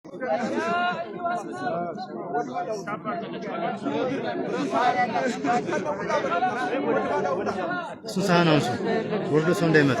እሱ ሳህን አንሱ፣ ወርዶ ሰው እንዳይመጣ።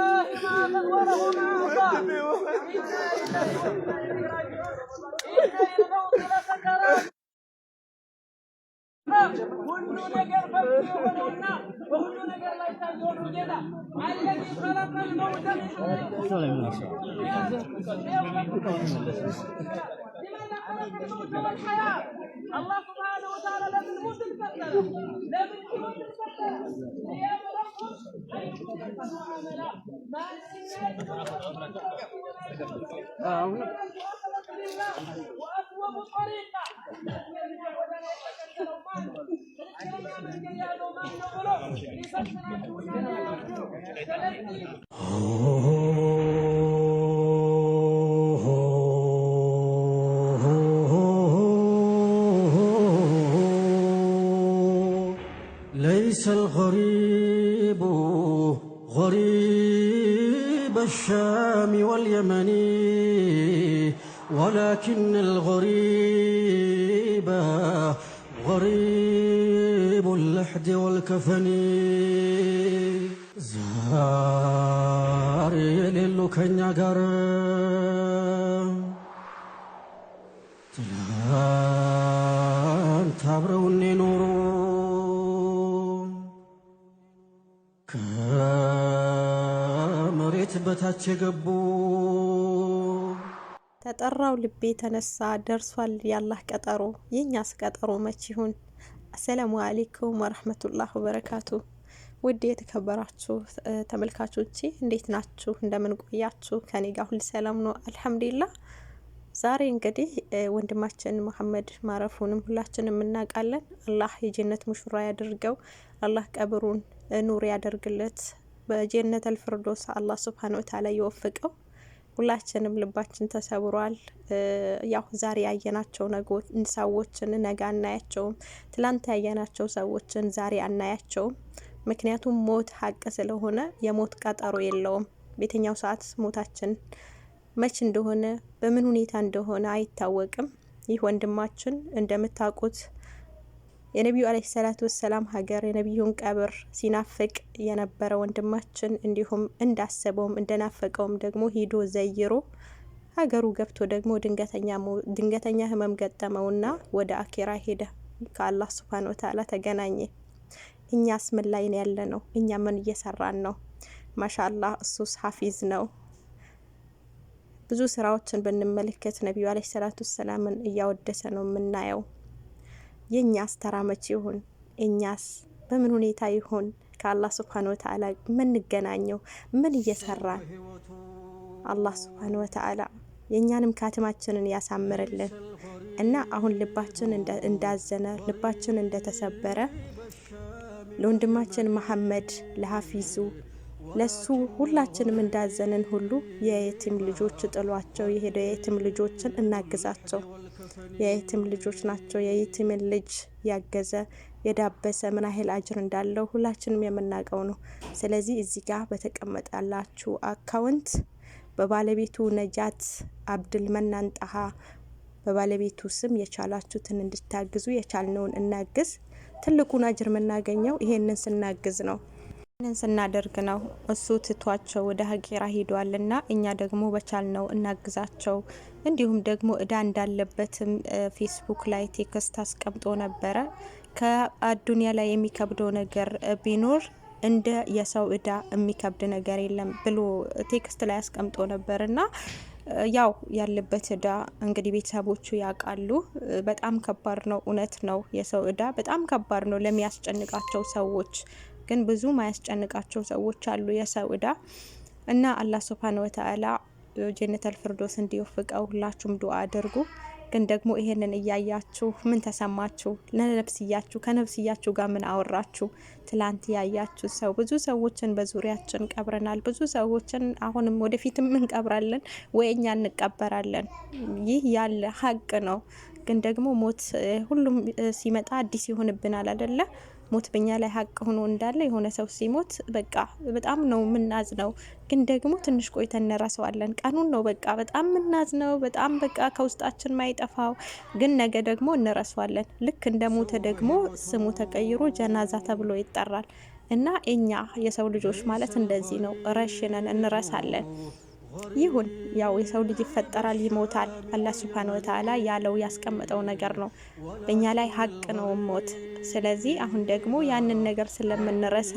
كل نجر فكيونا وكل نجر لا يستعجلون وجدا الذي خلق الموت من لماذا خلق الموت والحياة الله سبحانه النصارى لا بنموت البتة لا بنموت البتة يا رب أن يكون المعاملة مع وأقوم طريقة ليس الغريب غريب الشام واليمن ولكن الغريب غريب اللحد والكفن زاري የሌሉ ከኛ ጋር ትላንት አብረውን ከመሬት በታች የገቡ ተጠራው ልቤ ተነሳ ደርሷል ያላህ ቀጠሮ የእኛስ ቀጠሮ መች ይሁን? አሰላሙ አሌይኩም ወረህመቱላህ ወበረካቱ። ውድ የተከበራችሁ ተመልካቾች እንዴት ናችሁ? እንደምን ቆያችሁ? ከኔ ጋር ሁል ሰላም ነው አልሐምዱሊላ። ዛሬ እንግዲህ ወንድማችን መሐመድ ማረፉንም ሁላችንም እናውቃለን። አላህ የጀነት ሙሽራ ያድርገው። አላህ ቀብሩን ኑር ያደርግለት። በጀነት ፊርዶስ አላህ ሱብሃነ ወተዓላ ይወፍቀው። ሁላችንም ልባችን ተሰብሯል። ያው ዛሬ ያየናቸው ሰዎችን ነገ አናያቸውም። ትላንት ያየናቸው ሰዎችን ዛሬ አናያቸውም። ምክንያቱም ሞት ሀቅ ስለሆነ የሞት ቀጠሮ የለውም። በየትኛው ሰዓት ሞታችን መች እንደሆነ በምን ሁኔታ እንደሆነ አይታወቅም። ይህ ወንድማችን እንደምታውቁት የነቢዩ አለ ሰላት ወሰላም ሀገር የነቢዩን ቀብር ሲናፍቅ የነበረ ወንድማችን እንዲሁም እንዳሰበውም እንደናፈቀውም ደግሞ ሂዶ ዘይሮ ሀገሩ ገብቶ ደግሞ ድንገተኛ ህመም ገጠመውና ወደ አኬራ ሄደ። ከአላህ ስብሃነ ወተዓላ ተገናኘ። እኛስ ምን ላይ ነው ያለ ነው? እኛ ምን እየሰራን ነው? ማሻአላህ እሱስ ሀፊዝ ነው። ብዙ ስራዎችን ብንመለከት ነቢዩ አለ ሰላት ወሰላምን እያወደሰ ነው የምናየው። የእኛስ ተራመች ይሁን? እኛስ በምን ሁኔታ ይሁን ከአላህ ስብሓን ወተዓላ የምንገናኘው? ምን እየሰራን? አላህ ስብሓን ወተዓላ የእኛንም ካትማችንን ያሳምርልን እና አሁን ልባችን እንዳዘነ ልባችን እንደተሰበረ ለወንድማችን መሐመድ ለሀፊዙ ለሱ ሁላችንም እንዳዘንን ሁሉ የየቲም ልጆች ጥሏቸው የሄደው የየቲም ልጆችን እናግዛቸው። የየቲም ልጆች ናቸው። የየቲምን ልጅ ያገዘ የዳበሰ ምን ያህል አጅር እንዳለው ሁላችንም የምናውቀው ነው። ስለዚህ እዚህ ጋር በተቀመጠላችሁ አካውንት በባለቤቱ ነጃት አብድል መናን ጣሃ በባለቤቱ ስም የቻላችሁትን እንድታግዙ የቻልነውን እናግዝ። ትልቁን አጅር የምናገኘው ይሄንን ስናግዝ ነው። ይህንን ስናደርግ ነው እሱ ትቷቸው ወደ ሀቂራ እና እኛ ደግሞ በቻልነው እናግዛቸው። እንዲሁም ደግሞ እዳ እንዳለበትም ፌስቡክ ላይ ቴክስት አስቀምጦ ነበረ። ከአዱኒያ ላይ የሚከብደው ነገር ቢኖር እንደ የሰው እዳ የሚከብድ ነገር የለም ብሎ ቴክስት ላይ አስቀምጦ ነበርና ያው ያለበት እዳ እንግዲህ ቤተሰቦቹ ያውቃሉ። በጣም ከባድ ነው፣ እውነት ነው። የሰው እዳ በጣም ከባድ ነው ለሚያስጨንቃቸው ሰዎች ግን ብዙ ማያስጨንቃቸው ሰዎች አሉ፣ የሰው እዳ እና አላህ ሱብሃነ ወተዓላ ጀነተል ፍርዶስ እንዲወፍቀው ሁላችሁም ዱ አድርጉ። ግን ደግሞ ይሄንን እያያችሁ ምን ተሰማችሁ? ለነፍስያችሁ ከነፍስያችሁ ጋር ምን አወራችሁ? ትላንት ያያችሁ ሰው ብዙ ሰዎችን በዙሪያችን ቀብረናል። ብዙ ሰዎችን አሁንም ወደፊትም እንቀብራለን ወይ እኛ እንቀበራለን። ይህ ያለ ሀቅ ነው። ግን ደግሞ ሞት ሁሉም ሲመጣ አዲስ ይሆንብናል አይደለ? ሞት በኛ ላይ ሀቅ ሆኖ እንዳለ የሆነ ሰው ሲሞት በቃ በጣም ነው የምናዝነው። ግን ደግሞ ትንሽ ቆይተ እንረሳዋለን። ቀኑን ነው በቃ በጣም የምናዝነው፣ በጣም በቃ ከውስጣችን ማይጠፋው፣ ግን ነገ ደግሞ እንረሳዋለን። ልክ እንደ ሞተ ደግሞ ስሙ ተቀይሮ ጀናዛ ተብሎ ይጠራል። እና እኛ የሰው ልጆች ማለት እንደዚህ ነው፣ ረሽነን እንረሳለን። ይሁን። ያው የሰው ልጅ ይፈጠራል፣ ይሞታል። አላህ ሱብሃነ ወተዓላ ያለው ያስቀመጠው ነገር ነው። በእኛ ላይ ሀቅ ነው ሞት። ስለዚህ አሁን ደግሞ ያንን ነገር ስለምንረሳ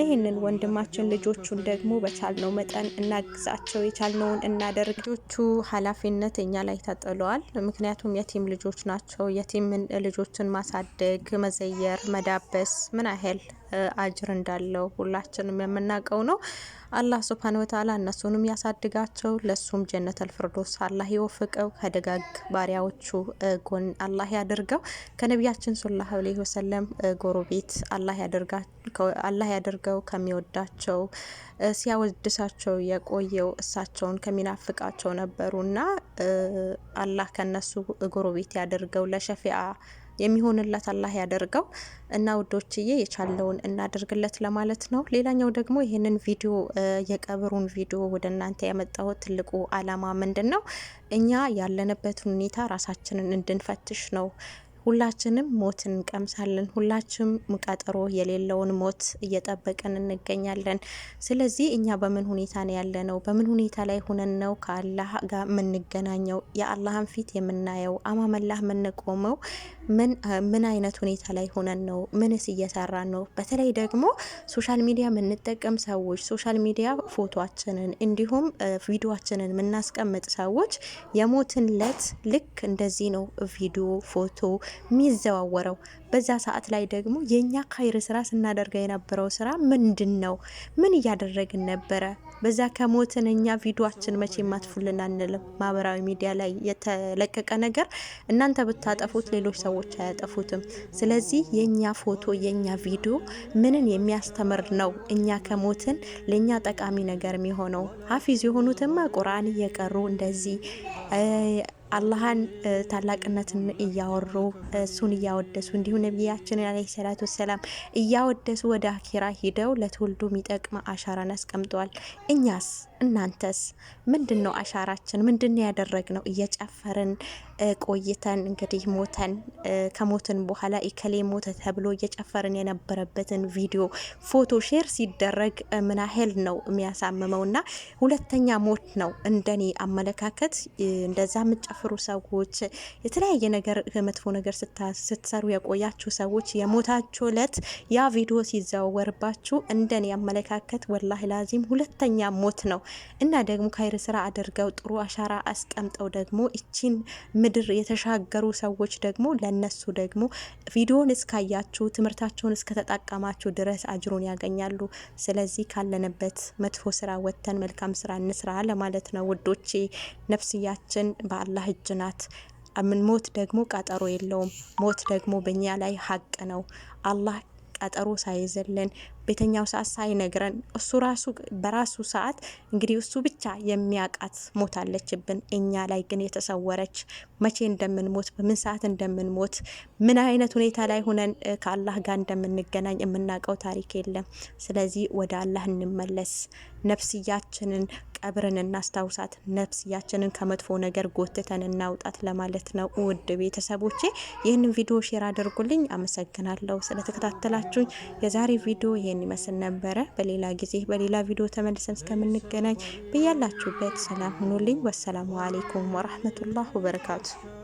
ይህንን ወንድማችን ልጆቹን ደግሞ በቻልነው መጠን እናግዛቸው፣ የቻልነውን እናደርግ። ልጆቹ ኃላፊነት እኛ ላይ ተጥሏል። ምክንያቱም የቲም ልጆች ናቸው። የቲም ልጆችን ማሳደግ፣ መዘየር፣ መዳበስ ምን ያህል አጅር እንዳለው ሁላችንም የምናውቀው ነው። አላህ ሱብሃነ ወተዓላ እነሱንም ያሳድጋቸው፣ ለሱም ጀነተል ፊርዶስ አላህ ይወፍቀው፣ ከደጋግ ባሪያዎቹ ጎን አላህ ያደርገው፣ ከነቢያችን ሰለላሁ ዐለይሂ ወሰለም ጎረቤት አላህ ያደርገው፣ ከሚወዳቸው ሲያወድሳቸው የቆየው እሳቸውን ከሚናፍቃቸው ነበሩና አላህ ከነሱ ጎረቤት ያደርገው ለሸፊአ የሚሆንለት አላህ ያደርገው እና ውዶችዬ የቻለውን እናደርግለት ለማለት ነው። ሌላኛው ደግሞ ይህንን ቪዲዮ የቀብሩን ቪዲዮ ወደ እናንተ ያመጣሁት ትልቁ አላማ ምንድን ነው? እኛ ያለንበትን ሁኔታ ራሳችንን እንድንፈትሽ ነው። ሁላችንም ሞት እንቀምሳለን። ሁላችንም ቀጠሮ የሌለውን ሞት እየጠበቅን እንገኛለን። ስለዚህ እኛ በምን ሁኔታ ነው ነው? በምን ሁኔታ ላይ ሆነን ነው ከአላህ ጋር የምንገናኘው? የአላህን ፊት የምናየው? አማመላህ የምንቆመው ምን አይነት ሁኔታ ላይ ሆነን ነው? ምንስ እየሰራን ነው? በተለይ ደግሞ ሶሻል ሚዲያ የምንጠቀም ሰዎች ሶሻል ሚዲያ ፎቶችንን እንዲሁም ቪዲዮችንን የምናስቀምጥ ሰዎች የሞትን ለት ልክ እንደዚህ ነው ቪዲዮ ፎቶ የሚዘዋወረው። በዛ ሰዓት ላይ ደግሞ የእኛ ካይር ስራ ስናደርገ የነበረው ስራ ምንድን ነው? ምን እያደረግን ነበረ? በዛ ከሞትን እኛ ቪዲዮችን መቼ ማትፉልን አንልም። ማህበራዊ ሚዲያ ላይ የተለቀቀ ነገር እናንተ ብታጠፉት ሌሎች ሰዎች አያጠፉትም። ስለዚህ የእኛ ፎቶ የእኛ ቪዲዮ ምንን የሚያስተምር ነው? እኛ ከሞትን ለእኛ ጠቃሚ ነገር የሚሆነው ሀፊዝ የሆኑትማ ቁርአን እየቀሩ እንደዚህ አላህን ታላቅነትን እያወሩ እሱን እያወደሱ እንዲሁም ነቢያችንን አለ ሰላቱ ወሰላም እያወደሱ ወደ አኪራ ሂደው ለትውልዱ የሚጠቅም አሻራን አስቀምጠዋል። እኛስ እናንተስ ምንድን ነው አሻራችን? ምንድን ነው ያደረግነው? እየጨፈርን ቆይተን እንግዲህ ሞተን ከሞትን በኋላ ኢከሌ ሞተ ተብሎ እየጨፈርን የነበረበትን ቪዲዮ ፎቶ ሼር ሲደረግ ምን ያህል ነው የሚያሳምመው? እና ሁለተኛ ሞት ነው እንደኔ አመለካከት። እንደዛ የምትጨፍሩ ሰዎች የተለያየ ነገር መጥፎ ነገር ስትሰሩ የቆያችሁ ሰዎች የሞታችሁ እለት ያ ቪዲዮ ሲዘዋወርባችሁ እንደኔ አመለካከት ወላሂ ላዚም ሁለተኛ ሞት ነው። እና ደግሞ ካይር ስራ አድርገው ጥሩ አሻራ አስቀምጠው ደግሞ እቺን ምድር የተሻገሩ ሰዎች ደግሞ ለነሱ ደግሞ ቪዲዮን እስካያችሁ ትምህርታቸውን እስከተጠቀማችሁ ድረስ አጅሩን ያገኛሉ። ስለዚህ ካለንበት መጥፎ ስራ ወጥተን መልካም ስራ እንስራ ለማለት ነው ውዶቼ። ነፍስያችን በአላህ እጅ ናት። ምን ሞት ደግሞ ቀጠሮ የለውም። ሞት ደግሞ በእኛ ላይ ሀቅ ነው። አላህ ቀጠሮ ሳይዝልን ቤተኛው ሰዓት ሳይነግረን እሱ ራሱ በራሱ ሰዓት እንግዲህ እሱ ብቻ የሚያውቃት ሞታለችብን። እኛ ላይ ግን የተሰወረች መቼ እንደምንሞት በምን ሰዓት እንደምንሞት ምን አይነት ሁኔታ ላይ ሆነን ከአላህ ጋር እንደምንገናኝ የምናውቀው ታሪክ የለም። ስለዚህ ወደ አላህ እንመለስ። ነፍስያችንን ቀብርን እናስታውሳት፣ ነፍስያችንን ከመጥፎ ነገር ጎትተን እናውጣት ለማለት ነው። ውድ ቤተሰቦቼ ይህንን ቪዲዮ ሼር አድርጉልኝ። አመሰግናለሁ ስለተከታተላችሁኝ። የዛሬ ቪዲዮ ይህን ይመስል ነበረ። በሌላ ጊዜ በሌላ ቪዲዮ ተመልሰን እስከምንገናኝ ብያላችሁበት ሰላም ሁኑልኝ። ወሰላሙ አሌይኩም ወረህመቱላህ ወበረካቱ።